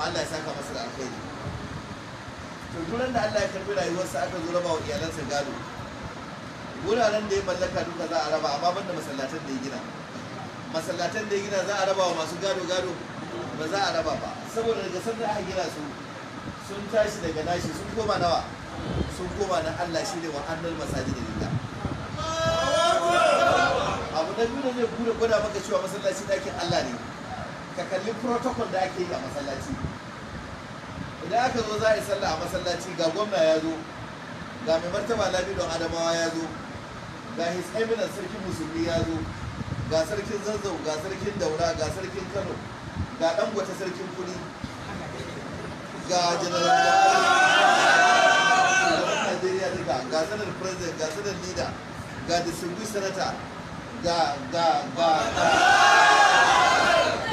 Allah ya saka masa da alkhairi to duran da Allah ya karbi sa aka zo raba wa iyalansa gado wuraren da ya mallaka duka za a raba amma banda masallatan da ya gina masallatan da ya gina za a raba wa masu gado gado ba za a raba ba saboda daga sanda aka gina su sun tashi daga nashi sun koma nawa sun koma na Allah shi ne wa annal masajid da lillah abu na biyu da zai gura gwada maka cewa masallaci ɗakin Allah ne ka kalli protocol da ake yi a masallaci idan aka zo za a yi sallah a masallaci ga gwamna ya zo ga mai martaba don adamawa ya zo ga his eminence sarkin musulmi ya zo ga sarkin zazzau ga sarkin daura ga sarkin kano ga dangwata sarkin kudi ga janaral najeriya duka ga sanar president ga sanar leader ga distinguished senator ga ga ga ga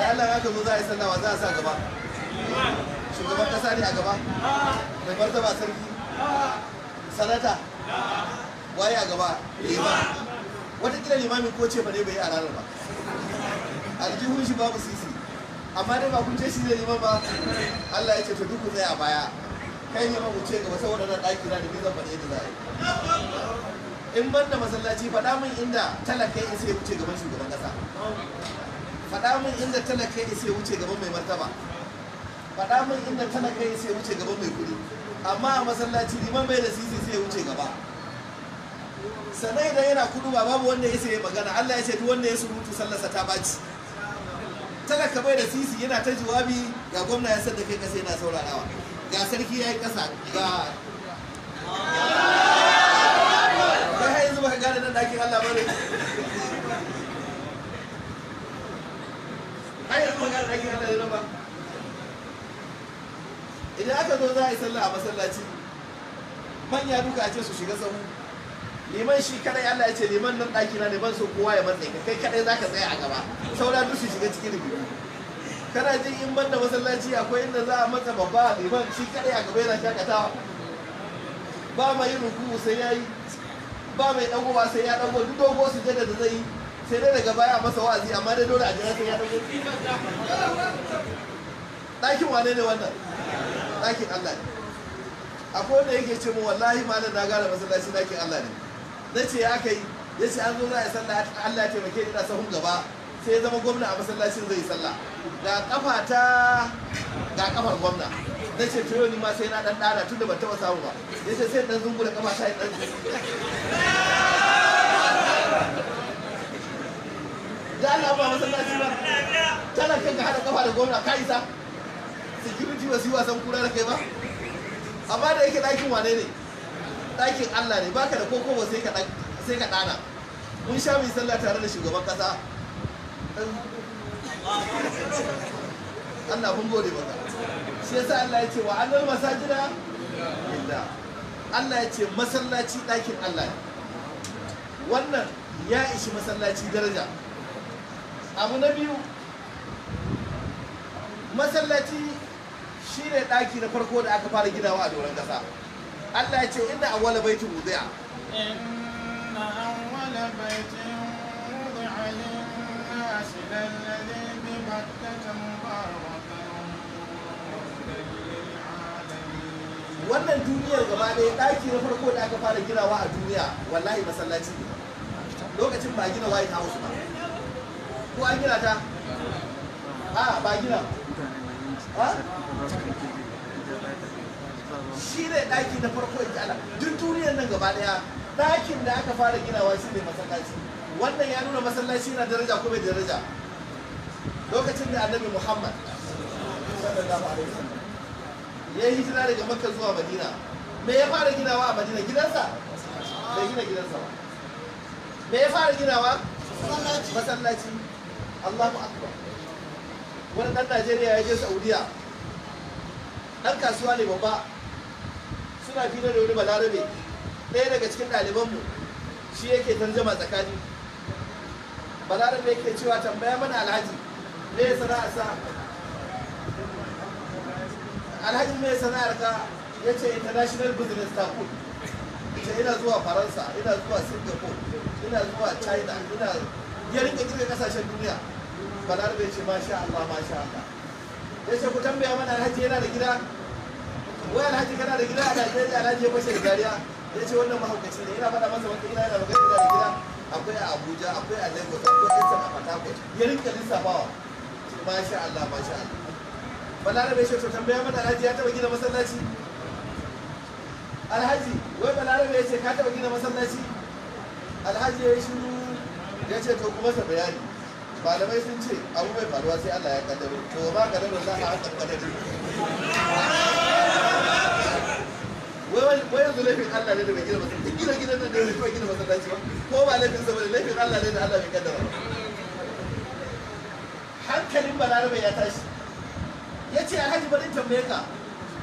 Allah ya gaba za a yi sallawa za a sa gaba shugaban kasa ne a gaba mai martaba sarki sanata waye a gaba lima watakila limamin ko ce ba ne bai yi a ranar ba aljihun shi babu sisi amma dai ba kun ce shi zai liman ba Allah ya ce to duk zai a baya kai ne ma ku ce gaba saboda nan ɗaki na da ni zan faɗi yadda za a yi in ban da masallaci faɗa min inda talakai in sai ya wuce gaban shugaban kasa faɗa min inda talaka ya sai wuce gaban mai martaba faɗa min inda talaka ya sai wuce gaban mai kuɗi amma a masallaci liman bai da sisi sai wuce gaba sanai da yana kudu ba babu wanda ya sai magana Allah ya ce duk wanda ya surutu sallarsa ta baci talaka bai da sisi yana ta jawabi ga gwamna ya sanda kai kai kasa yana saurarawa ga sarki ya yi kasa ga har yanzu magana aikin Allah yana ba idan aka zo za a yi sallah a masallaci manya duka a ce su shiga sahu liman shi kadai Allah ya ce liman nan ɗakina neman ne so kowa ya matsayi ka kai kadai za ka tsaya a gaba saura duk su shiga cikin rubutu kana jin in ban da masallaci akwai inda za a matsa babba liman shi kadai a gaba yana shakatawa ba mai yin ruku sai yi. ba mai dagowa sai ya dago duk dogo su jada da zai yi sai dai daga baya masa wa'azi amma dai dole a jira sai ya dauko ɗakin wane ne wannan ɗakin Allah ne akwai wanda yake ce mu wallahi malam na gane masallaci ɗakin Allah ne na ce ya kai ya ce an zo za a yi sallah Allah ya taimake ni na sahun gaba sai ya zama gwamna a masallacin zai yi sallah ga kafa ta ga kafar gwamna na ce to ni ma sai na dan dana tunda ban taɓa samu ba ya ce sai dan zungura kafa ta dan da Allah ba masallaci ba talakan ka hada kafa da gwamna ka isa security ba su yi wasan kura da kai ba amma da yake ɗakin wane ne ɗakin Allah ne baka da koko ba sai ka ɗana mun sha mai sallah tare da shugaban ƙasa Allah mun gode maka shi yasa Allah ya ce wa annal masajida lillah Allah ya ce masallaci ɗakin Allah ne wannan ya ishi masallaci daraja abu na biyu masallaci shi ne ɗaki na farko da aka fara ginawa a doron ƙasa allah ya ce inda an wala baitin wuziya wannan duniyar gaba ɗaya ɗaki na farko da aka fara ginawa a duniya wallahi masallaci lokacin ba gina white house ba ko an gina ta a ba gina shi ne ɗaki na farko in ala duk duniyar nan gaba ɗaya ɗakin da aka fara ginawa shi ne masallaci wannan ya nuna masallaci na daraja ko bai daraja lokacin da annabi muhammad ya yi hijira daga makka zuwa madina me ya fara ginawa a madina gidansa bai gina gidansa ba me ya fara ginawa masallaci Allahu akbar wani dan Najeriya ya je Saudiya dan kasuwa ne babba suna fira da wani balarabe ɗaya daga cikin ɗalibanmu shi yake tarjama tsakani balarabe yake cewa tambaya mana alhaji me sana'ar sa alhaji me sana'ar ka ya ce international business ta ku ce ina zuwa faransa ina zuwa singapore ina zuwa china ina ya rinka kasashen duniya bai ce masha Allah masha Allah ya ce ku tambaya mana alhaji yana da gida wai alhaji kana da gida a da alhaji ya fashe da dariya ya ce wannan mahaukaci ne yana faɗa masa wata ina yana magana da gida akwai a Abuja akwai a Lagos akwai a a Port ya rinka lissafawa ce masha Allah masha Allah bai ce ku tambaya mana alhaji ya taɓa gina masallaci alhaji wai balar ya ce ka taɓa gina masallaci alhaji ya yi shiru ya ce to kuma sa bayani malamai sun ce abu mai faruwa sai Allah ya kaddaro to ba kaddarar za a hakan kaddaro wai yanzu laifin Allah ne da bai gina masallaci gina gina nan da bai gina masallaci ba ko ba laifin sa bane laifin Allah ne da Allah bai kaddara hankalin balarabe ya tashi ya ce alhaji bari tambaye ka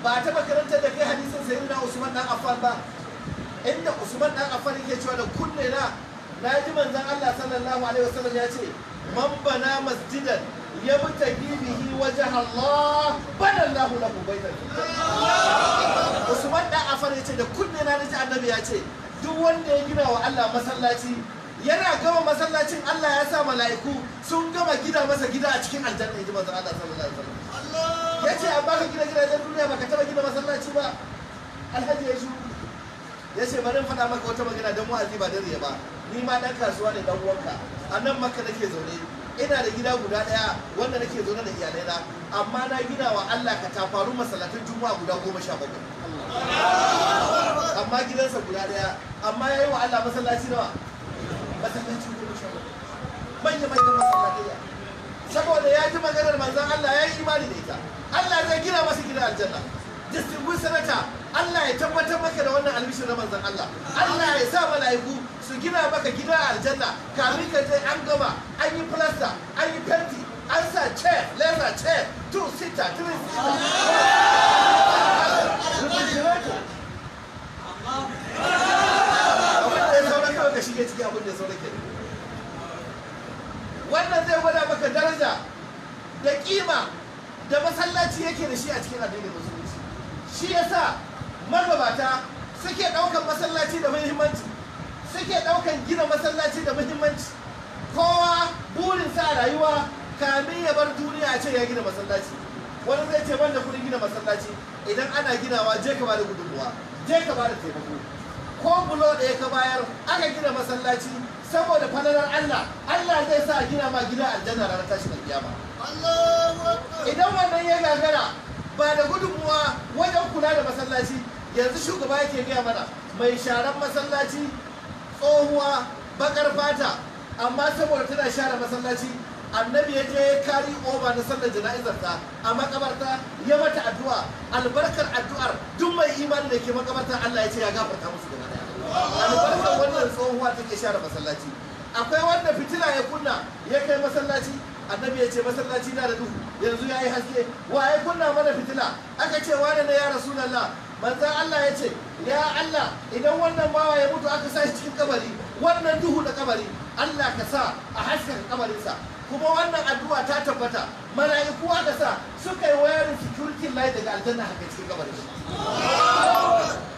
ba ta makarantar da kai hadisin sayyidina Usman dan Affan ba inda Usman dan Affan yake cewa da kunne na na ji manzon Allah sallallahu alaihi wasallam ya ce Mambana bana masjidan ya buta bihi wajen Allah banan lahu lahu baitan Usman da Afar yace da kunne na naji annabi ya ce duk wanda ya gina wa Allah masallaci yana gama masallacin Allah ya sa mala'iku sun gama gina masa gida a cikin aljanna yaji manzo Allah sallallahu alaihi wasallam yace an baka gina gidajen duniya baka taba gina masallaci ba alhaji ya ya ce bari in faɗa maka wata magana dan wa'azi ba dare ba ni ma dan kasuwa ne dan uwanka a nan maka nake zaune ina da gida guda daya wanda nake zaune da iyalaina. amma na gina wa Allah ka tafaru masallatin juma'a guda goma sha bakwai amma gidansa guda daya amma yayi wa Allah masallaci nawa masallaci goma sha bakwai manya manya masallatai saboda ya ji maganar manzon Allah ya yi imani da ita Allah zai gina masa gidan aljanna distribution senator Allah ya tabbatar maka da wannan albishir na manzon Allah Allah ya sa mala'iku su gina maka gida a aljanna kamin ka je an gama an yi plaster an yi fenti an sa chair leather chair two sita three sita ciki wannan zai gwada maka daraja da kima da masallaci yake da shi a cikin addinin musulunci shi yasa magabata suke ɗaukar masallaci da muhimmanci suke ɗaukan gina masallaci da muhimmanci kowa burin sa rayuwa kamin ya bar duniya ce ya gina masallaci wani zai ce banda kudin gina masallaci idan ana ginawa je ka bada gudunmuwa je ka bada taimako ko bulo ɗaya ka bayar aka gina masallaci saboda falalar Allah Allah zai sa gina ma gida aljanna ranar tashin alkiyama idan wannan ya gagara ba da gudunmuwa wajen kula da masallaci yanzu shugaba yake gaya mana mai sharan masallaci tsohuwa bakar fata amma saboda tana share masallaci annabi ya je kari oba na sallar jana'izar ta a makabarta ya mata addu'a albarkar addu'ar duk mai imani da ke makabarta Allah ya ce ya gafarta musu gaba daya albarkar wannan tsohuwa take share masallaci akwai wanda fitila ya kunna ya kai masallaci annabi ya ce masallaci na da duhu yanzu ya yi haske wa ya kunna mana fitila aka ce wane ne ya rasulullah manzan Allah ya ce ya Allah idan wannan bawa ya mutu aka sa shi cikin kabari wannan duhu da kabari Allah ka sa a haskaka kabarinsa kuma wannan addu'a ta tabbata mala'iku aka sa suka yi wayarin security lai daga aljanna haka cikin kabarin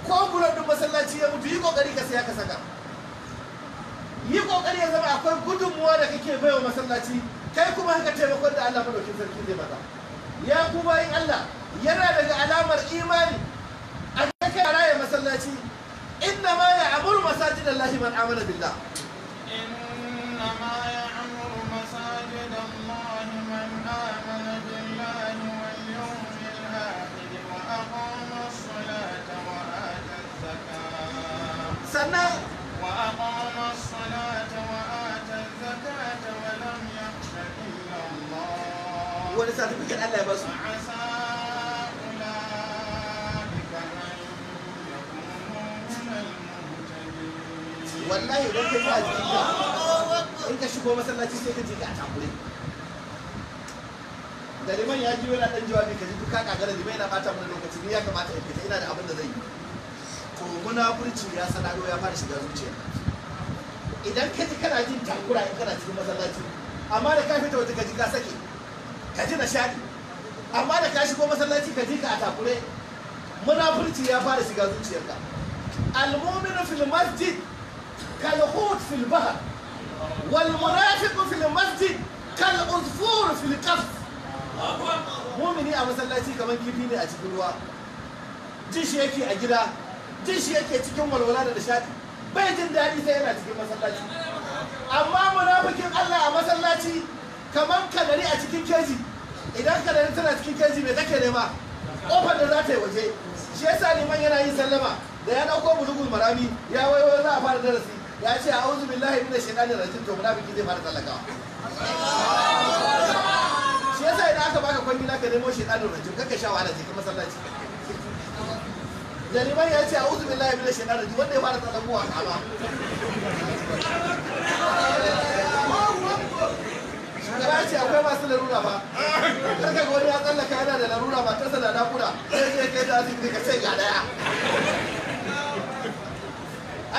ko duk masallaci ya mutu yi kokari ka sai ka saka yi kokari ya zama akwai gudunmuwa da kake baiwa masallaci kai kuma haka taimakon da Allah madaukin sarki zai maka ya ku bayin Allah yana daga alamar imani kai masallaci inna ma ya amuru masajid Allah man amana billah inna ma ya amuru masajid Allah man amana billah wal yawmil akhir wa aqama as-salata wa ata az-zakata sannan wa aqama as-salata wa ata az-zakata wa lam yakhsha illa Allah wani Allah ya basu wallahi idan ka ji a in ka shigo masallaci sai ka ji ka a takure da liman ya ji yana dan jawabi ka ji duka kagara liman yana bata mun lokaci ni ya kamata in fita ina da abin da zai yi to munafurci ya sanado ya fara shiga zuciya idan ka ji kana jin takura in kana cikin masallaci amma da ka fita wata ka ji ka sake ka ji nishadi amma da ka shigo masallaci ka ji ka a takure munafurci ya fara shiga zuciyarka al-mu'minu fil masjid كالحوت في البحر والمرافق في المسجد كالعصفور في الكف mumini a masallaci kamar kifi ne a cikin ruwa jin shi yake a gida jin shi yake cikin walwala da nishadi bai jin daɗi sai yana cikin masallaci amma munafikin Allah a masallaci kamar kanari a cikin keji idan kanari tana cikin keji mai take nema kofar da za ta yi waje shi yasa liman yana yin sallama da ya dauko bulugul marami ya wayo za a fara darasi ya ce a'udhu billahi minash shaitanir rajim to munafiki zai fara tsallakawa shi yasa idan aka baka na ka nemo shaitanir rajim kaka sha wahala sai ka masallaci jariman ya ce a'udhu billahi minash shaitanir rajim wanda ya fara a kama shugaba ce akwai masu larura ba karka ga wani ya tsallaka yana da larura ba ta da nakuda sai ya ke da asibiti ka ce ga daya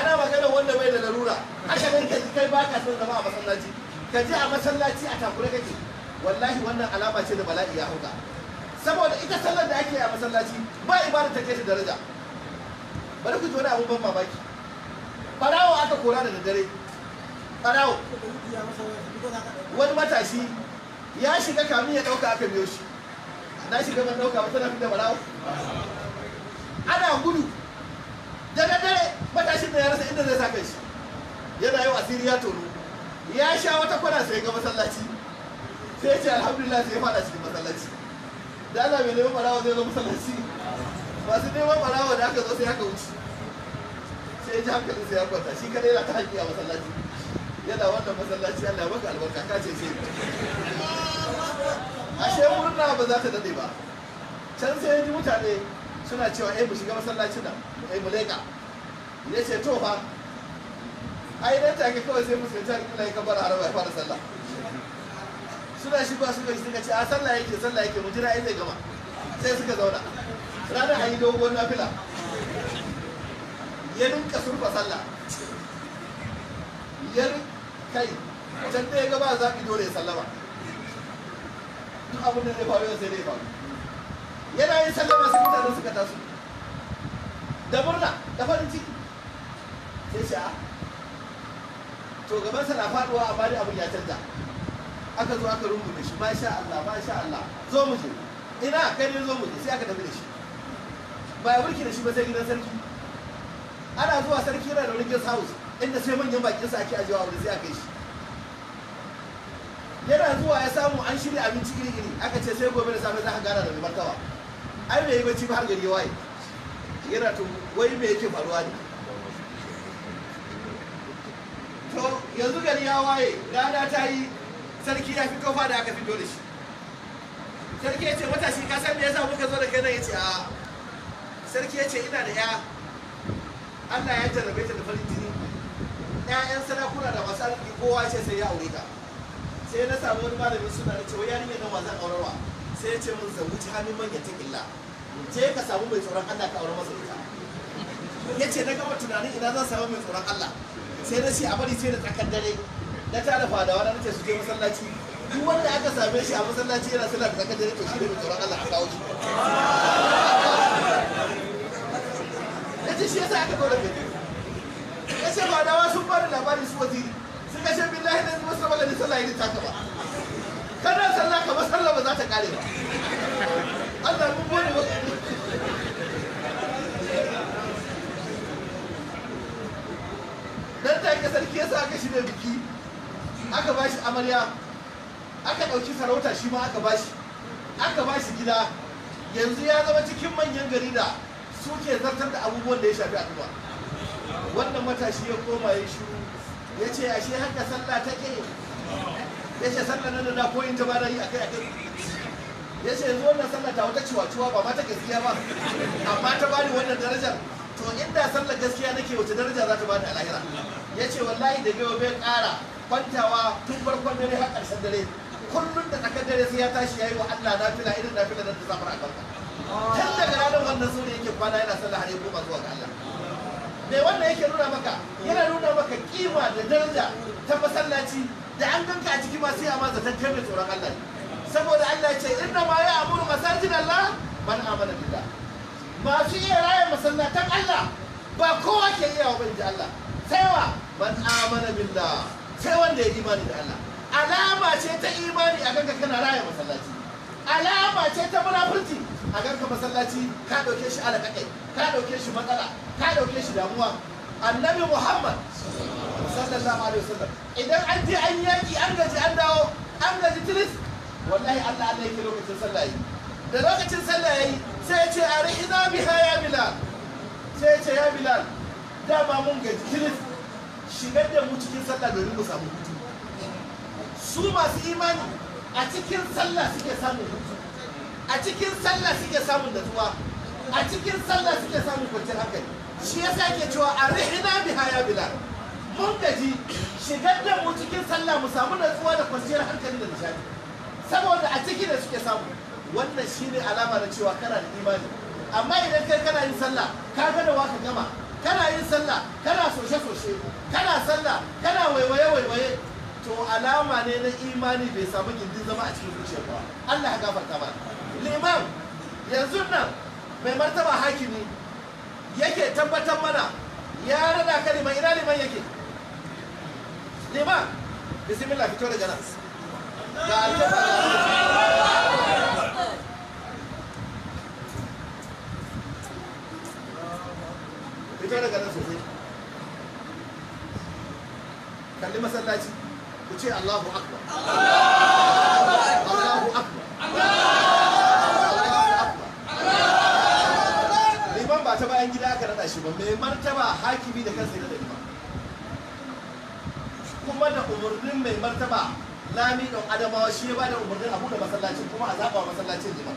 ana magana wanda bai da larura haka nan kaji kai ba ka son zama a masallaci ka je a masallaci a takure kake wallahi wannan alama ce da bala'i ya hauka saboda ita sallar da ake a masallaci ba ibada ta kai daraja bari ku ji wani abun ban mamaki barawo aka kora da dare barawo wani matashi ya shiga kamin ya dauka aka biyo shi na shiga ban dauka ba tana fi da barawo ana gudu da daddare matashin da ya rasa inda zai sa kai shi yana yau asiri ya tono ya sha wata kwana sai ga masallaci sai ya ce alhamdulillah sai ya fada cikin masallaci da Allah mai neman barawa zai zo masallaci masu neman barawa da aka zo sai aka wuce sai ya ji hankalin sai ya kwanta shi kadai yana ta hanki a masallaci yana wannan masallaci Allah ya baka albarka ka ce sai ashe murna ba za ta dade ba can sai ya ji mutane suna cewa ai eh, mu shiga masallacin nan ai eh, mu leka ya ce to fa ai dan take kawai sai musu ta alƙibla ya kabbara haraba ya fara sallah suna shigowa suka yi suka ce a sallah yake sallah yake mu jira ai zai gama sai suka zauna Rana an yi dogon nafila ya rinka surfa sallah ya kai can da ya gaba zaɓi dole ya sallama duk abin da zai faru yau sai dai faru yana yin sallama masu mutane suka taso da murna da farin ciki sai shi a ah, to gabansa na faduwa a dai abin ya canza aka zo aka rungume shi ma sha Allah ma sha Allah zo mu je ina kai ne zo mu je sai aka tafi da shi ba ya burki da shi ba sai gidan sarki ana zuwa sarki yana da wani guest house inda sai manyan bakin sa ake ajewa wani sai aka yi shi yana zuwa ya samu an shirya abinci iri-iri aka ce sai gobe da safe za ka gara da mai martaba ai mai yi bacci har gari waye yana to wai me yake faruwa ne to yanzu gari ya waye rana ta yi sarki ya fi kofa da aka fito da shi sarki ya ce matashi ka san me yasa muka zo da kai nan ya ce a sarki ya ce ina da ya Allah ya jarrabe ta da farin jini ƴaƴan sarakuna da masu arziki kowa ce sai ya aure ta sai na samu wani malamin suna da cewa yarinya nan wa zan aurar sai ya ce mun zawuci hannun manyan illa ce ka samu mai tsoron Allah ka aure masa ita ya ce na gaba tunanin ina zan samu mai tsoron Allah sai na ce a bari sai da tsakar dare na tara fadawa na nace su je masallaci duk wanda aka same shi a masallaci yana sallah da tsakar dare to shi ne mai tsoron Allah a kawo shi ya ce shi yasa aka zo da gari ya ce fadawa sun fara labarin su waziri sun kashe billahi da zuwa sabon da nisan ya ta ba kana sallah ka sallah ba za ta kare ba Allah mun gode ba dan take sarki yasa aka shi da biki aka shi amarya aka ɗauki sarauta shi ma aka bashi aka shi gida yanzu ya zama cikin manyan gari da suke zartar da abubuwan da ya shafi al'umma wannan matashi ya koma ya shiru ya ce ashe haka sallah take ya ce sallar nan da ko yin ta bana yi a kai akai akai ya ce yanzu wannan sallar ta wata ciwa-ciwa ba ma ta gaskiya ba amma ta bani wannan darajar to inda sallar gaskiya nake wace daraja za ta bani a lahira ya ce wallahi da gaba bai ƙara kwantawa tun farkon dare har ƙarshen dare kullum da tsakar dare sai ya tashi ya yi wa Allah nafila irin nafila da ta zafara a kanka tun daga ranar wannan sura yake kwana yana sallah har ya koma zuwa ga Allah me wannan yake nuna maka yana nuna maka kima da daraja ta masallaci da an ganka a ciki ma sai a ma kai mai tsoron Allah saboda Allah ya ce inna ma ya amuru masajin Allah man amana billah masu iya raya masallatan Allah ba kowa ke iya wa ji Allah sai wa man amana billah sai wanda ya imani da Allah alama ce ta imani a ganka kana raya masallaci alama ce ta munafurci a ganka masallaci ka dauke shi alakakai ka dauke shi matsala ka dauke shi damuwa annabi Muhammad sallallahu alaihi wasallam idan an je an yaki an gaji an dawo an gaji tilis wallahi Allah Allah yake lokacin sallah yi da lokacin sallah yayi sai ya ce a rihiza biha ya bilal sai ya ce ya bilal ba mun gaji tilis shigar da mu cikin sallah domin mu samu hutu su masu imani a cikin sallah suke samun hutu a cikin sallah suke samun natsuwa a cikin sallah suke samun kwanciyar hankali shi yasa ke cewa a rihina biha ya bilal mun gaji shigar da mu cikin sallah mu samu natsuwa da kwanciyar hankali da nishadi saboda a ciki da suke samu wannan shine alama da cewa kana da imani amma idan kai kana yin sallah ka ga da waka gama kana yin sallah kana soshe soshe kana sallah kana waiwaye waiwaye to alama ne na imani bai samu gindin zama a cikin zuciyar ba Allah ya gafarta ba liman yanzu nan mai martaba hakimi yake tabbatar mana ya rada ka liman ina liman yake nema bismillah fito da janas ga aljufa fito da janas sosai kalli masallaci ku ce allahu akbar allahu akbar liman ba ta bayan gida aka rada shi ba mai martaba hakimi da kansa ya kuma da umarnin mai martaba lami don adamawa shi ya ba da umarnin abu da masallacin kuma a zaɓa masallacin jima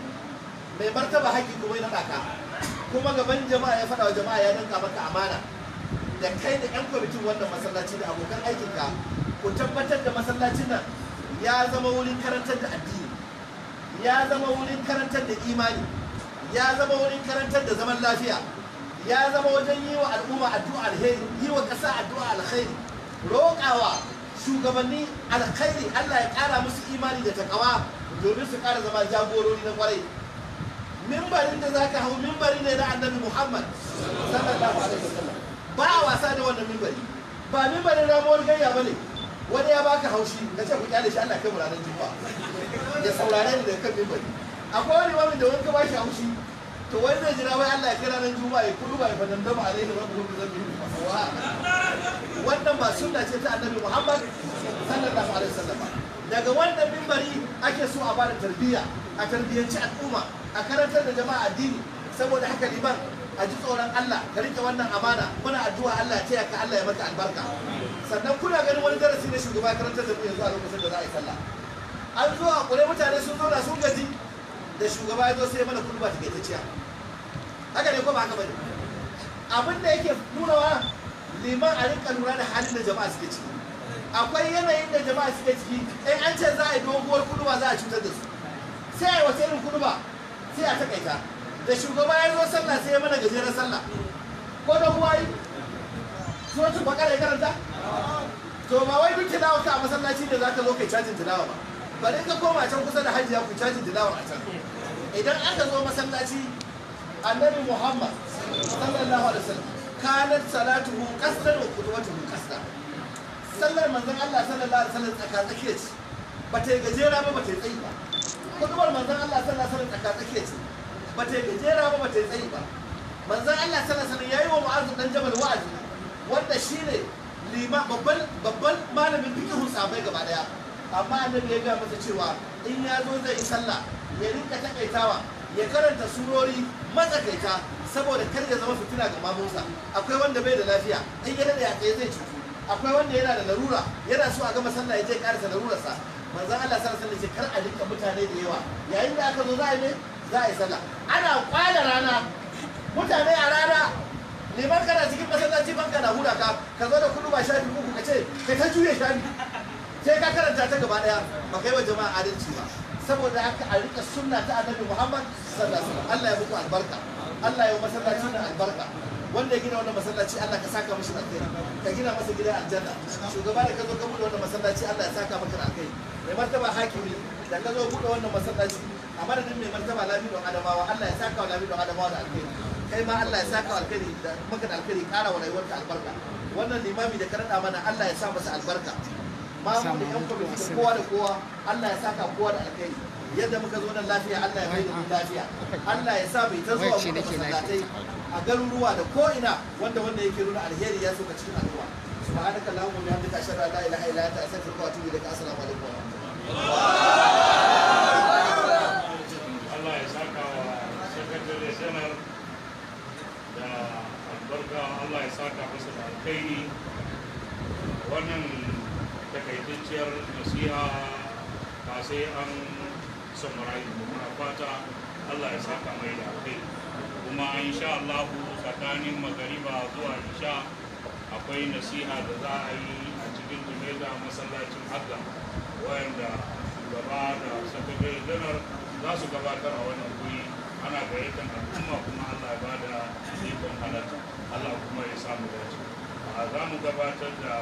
mai martaba haƙƙi kuma yana naɗa kuma gaban jama'a ya faɗa wa jama'a ya danka maka amana da kai da ƴan kwamitin wannan masallaci da abokan aikinka ku tabbatar da masallacin nan ya zama wurin karantar da addini ya zama wurin karantar da imani ya zama wurin karantar da zaman lafiya ya zama wajen yi wa al'umma addu'a alheri yi wa ƙasa addu'a alheri Rokawa shugabanni alkhairi Allah ya kara musu imani da takawa domin su ƙara zama jagorori na kwarai mimbarin da zaka hau mimbari ne na annabi Muhammad sallallahu alaihi wasallam ba a wasa da wannan mimbari ba mimbarin ramuwar gayya bane wani ya baka haushi na ce ku kyale shi Allah kai muranan ranar juma'a ya saurare ni da kan mimbari akwai wani wani da wani ka bashi haushi to wani zai jira wai Allah ya kai ranan juma'a ya kudu ba ya fadandama alaihi rabbuhu bi wannan ba sunna ce ta annabi muhammad sallallahu alaihi wasallam daga wannan mimbari ake so a bada tarbiyya a tarbiyyanci al'umma a karantar da jama'a addini saboda haka liman a ji tsoron Allah ka rike wannan amana muna addu'a Allah ya ka Allah ya maka albarka sannan kuna ganin wani darasi ne shugaba karantar da mu yanzu a lokacin da za a yi sallah an zo a kure mutane sun zauna sun gaji da shugaba ya zo sai mana kudu ba ta gaitaciya haka ne ko ba haka bane abin da yake wa liman a rinka lura da halin da jama'a suke ciki akwai yanayin da jama'a suke ciki ɗan an ce za a yi doguwar kuduba za a cutar da su sai a yi wata irin kuduba sai a takaita da shugaba ya zo sallah sai ya mana gajeren sallah ko da kuwa yi suratul ba kare karanta to ba wai duk tilawa ka a masallaci da za ka zo kai cajin tilawa ba bari ka koma can kusa da hajiya ku cajin tilawa a can idan aka zo masallaci annabi muhammad sallallahu alaihi wasallam kanat salatuhu qasran wa qudwatuhu qasra sallar manzon Allah sallallahu alaihi wasallam tsaka tsakiya ce bata gajera ba bata tsayi ba kudubar manzon Allah sallallahu alaihi wasallam tsaka tsakiya ce bata gajera ba bata tsayi ba manzon Allah sallallahu alaihi wasallam yayi wa mu'azu dan jabal wa'azi wanda shine lima babban babban malamin fiqhu sabai gaba daya amma annabi ya ga masa cewa in ya zo zai yi sallah ya rinka takaitawa ya karanta surori matsakaita saboda kar ya zama fitina ga mamunsa akwai wanda bai da lafiya in ya da ya tsaye zai cutu akwai wanda yana da larura yana so a gama sallah ya je karasa larurarsa manzon Allah sallallahu alaihi wasallam kar a dinka mutane da yawa yayin da aka zo za a yi za a yi sallah ana kwala rana mutane a rana liman kana cikin masallaci banka na huda ka ka zo da kudu ba shafi uku ka ce kai ta juye shafi sai ka karanta ta gaba daya ba kai wa jama'a adalci ba saboda haka a rika sunna ta annabi Muhammad sallallahu alaihi wasallam Allah ya muku albarka Allah ya masallaci na albarka wanda ya gina wannan masallaci Allah ka saka mishi alkhairi ka gina masa gidan aljanna shugaba da ka zo ka bude wannan masallaci Allah ya saka maka alkhairi mai martaba hakimi da ka zo bude wannan masallaci a madadin mai martaba lafiyar adamawa Allah ya saka wa lamidon adamawa da alkhairi kai ma Allah ya saka alkhairi da maka da alkhairi kara wa rayuwarka albarka wannan limami da ka rada mana Allah ya sa masa albarka mamu da yan kwamitin kowa da kowa Allah ya saka kowa da alkai yadda muka zo nan lafiya Allah ya kai da lafiya Allah ya sa mai ta zuwa muka masallatai a garuruwa da ko ina wanda wanda yake nuna alheri ya soka cikin al'umma subhanaka allahumma wa bihamdika ashhadu an la ilaha illa anta astaghfiruka wa atubu ilaik assalamu alaikum wa rahmatullahi Allah ya saka wa sakatare sanar da albarka Allah ya saka masa da alkhairi wannan takaitacciyar nasiha ba sai an samurai muna fata allah ya saka mai da kai kuma insha allahu tsakanin magariba zuwa isha akwai nasiha da za a yi a cikin jimela masallacin haka wayanda shugaba da sakatare janar za su gabatar a wannan guri ana gayyatar al'umma kuma allah ba da ikon halatta allah kuma ya samu dace za mu gabatar da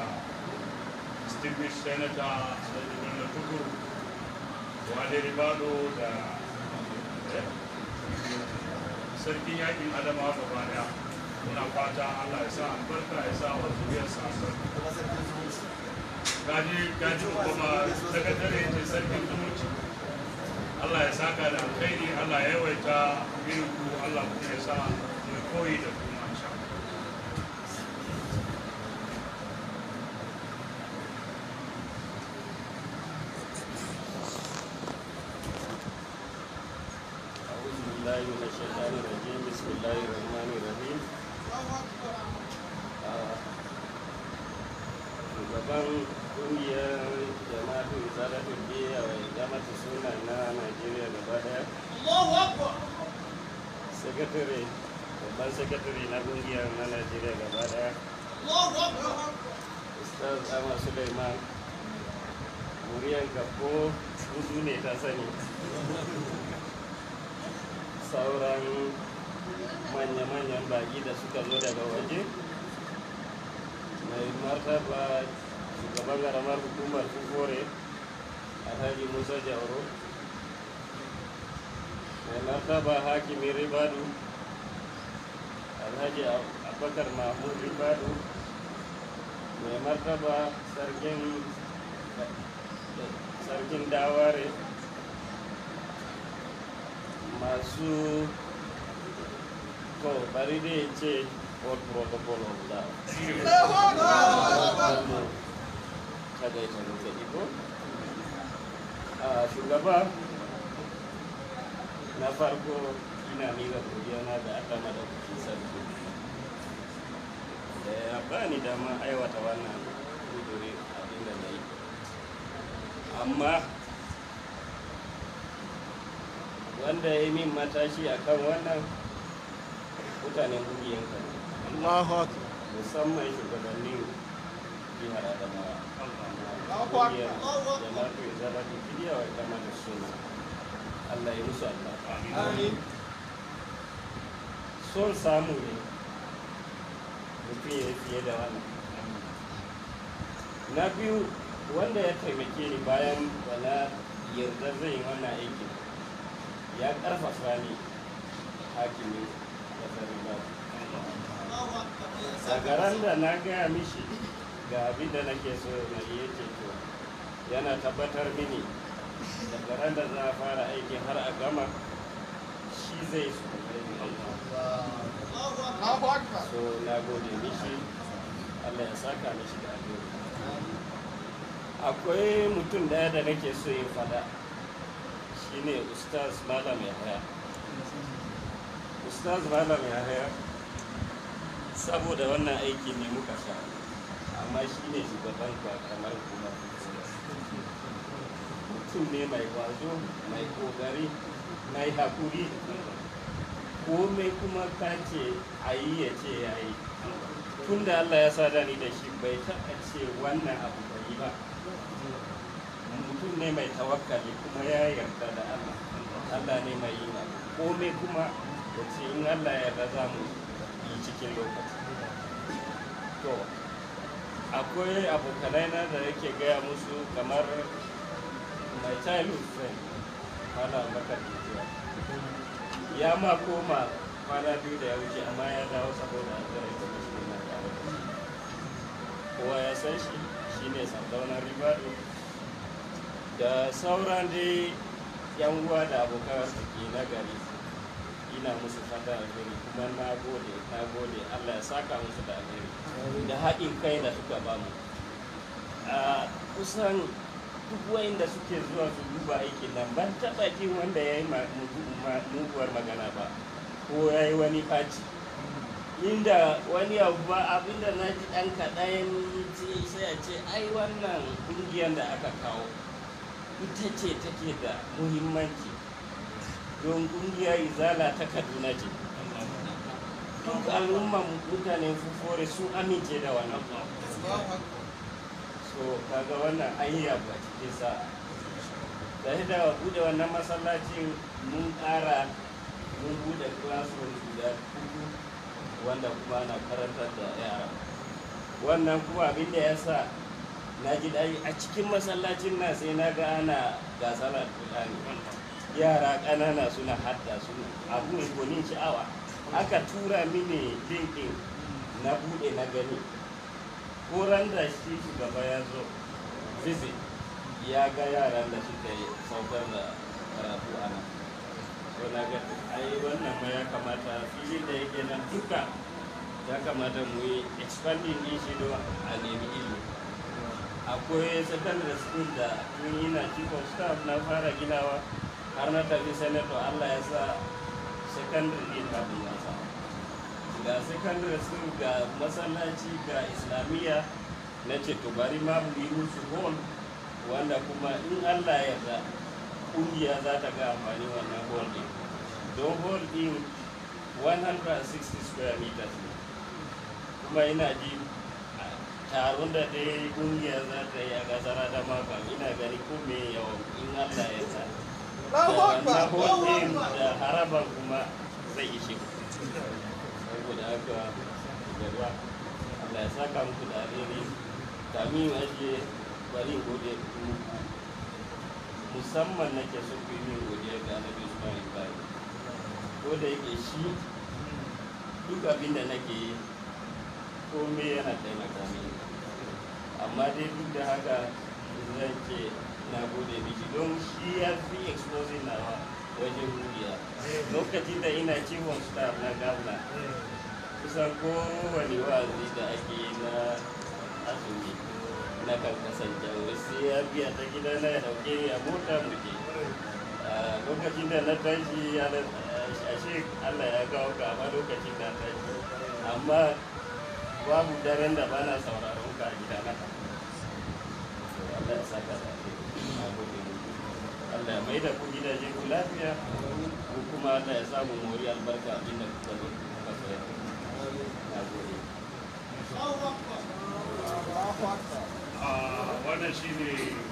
distinguished senator Said Bello Tukuru, Wale Ribado da eh? sarkin yakin adama gaba daya muna fata Allah ya sa albarka ya sa wasu biyar sa gaji gaji kuma sakatare ce sarkin zumunci Allah ya saka Kaini, Allah ya yawaita irin Allah kuma ya sa mai koyi da ta sauran manya-manyan baki da suka zo daga waje mai martaba shugaban garamar hukumar kukore alhaji musa jauro mai martaba hakimin ribadu alhaji abubakar mahmud ribadu mai martaba sarkin sarkin daware masu to bari dai in ce all protocol of love kada ita nuka iko a shugaba na farko ina miƙa godiyana da allah madaukakin sarki da ya bani dama aiwata wannan kudurin abin da na yi amma wanda ya min matashi akan wannan mutanen ƙungiyar ka musamman shugabannin jihar Adamawa ƙungiyar ya zama da fidiya wa kama da suna Allah ya musu Allah son samu ne mutum ya fiye da wannan na biyu wanda ya taimake ni bayan bala yarda zai yi wannan aikin ya karfafa ne hakimin kasar ba garan da na gaya mishi ga abin da nake so na yi yake yana tabbatar mini daga da za a fara aiki har a gama shi zai su so na gode mishi allah ya saka mishi da alheri akwai mutum daya da nake so yin fada shine ustaz malam yahya ustaz malam saboda wannan aiki ne muka sha amma shine shugaban ka kamar kuma mutum ne mai kwazo mai kogari mai hakuri komai kuma ka ayi a yi ya ce ya yi tun allah ya sadani ni da shi bai taɓa ce wannan abu bai ba mutum ne mai tawakkali kuma ya yarda da Allah Allah ne mai yi ba komai kuma da ce in Allah ya yarda za mu yi cikin lokaci to akwai abokanai na da yake gaya musu kamar mai childhood friend mala bakar ya ma koma kwana biyu da ya wuce amma ya dawo saboda an zara ita musulman da kowa ya san shi shi ne sandaunar ribado da sauran dai yan uwa da abokan arziki na gari ina musu fata alheri kuma na gode na gode allah ya saka musu da alheri da haɗin kai da suka ba mu kusan duk wayanda suke zuwa su duba aikin nan ban taɓa jin wanda ya yi muguwar magana ba ko ya yi wani faci inda wani abu ba abinda na ji ɗan kaɗan sai a ce ai wannan ƙungiyar da aka kawo ita ce take da muhimmanci don kungiya izala ta kaduna ce duk al'umman mutanen fufore su amince da wannan so kaga wannan an ba a cikin sa da da bude wannan masallacin mun kara mun bude classroom guda hudu wanda kuma na karantar da yara wannan kuma abin da ya sa na ji dai a cikin masallacin na sai na ga ana gasar alƙur'ani yara ƙanana suna hadda su abu mai gonin sha'awa aka tura mini linkin na bude na gani ko ran da shi gaba ya zo visit ya ga yaran da suka yi saukar da karatu a nan na ga ai wannan ma ya kamata filin da yake nan duka ya kamata mu yi expanding din shi don a nemi ilimi akwai secondary school da mun yi na kikon staff na fara ginawa har na tafi senato allah ya sa secondary ne ta fi sa ga secondary school ga masallaci ga islamiyya na ce to bari ma mu yi musu hall wanda kuma in allah ya da kungiya za ta ga amfani wannan hall din don hall din 160 square meters ne kuma ina ji taron da dai kungiya za ta yi a gasar da maka ina gani ko mai yawon in Allah ya sa na hotin da haraban kuma zai ishe saboda haka gaba Allah ya saka muku da alheri kamin ajiye bari gode muku musamman nake so ku yi min godiya ga Annabi Usman Ibrahim ko da yake shi duk abin da nake yi kome yana taimaka mini amma dai duk da haka zan ce na gode miki don shi ya fi exposing nawa wajen rubiya lokacin da ina ciwon star na gabna kusan kowane wa'azi da ake yi na azumi na ya biya ta gida na ya dauke mota muke lokacin da na tashi a Allah ya kawo ka amma lokacin na tashi amma babu daren da ba na sauraron ka a gida na Allah ya saka da Allah ya mai da ku ku lafiya ko kuma Allah ya samu mori albarka na gode ah, wannan shine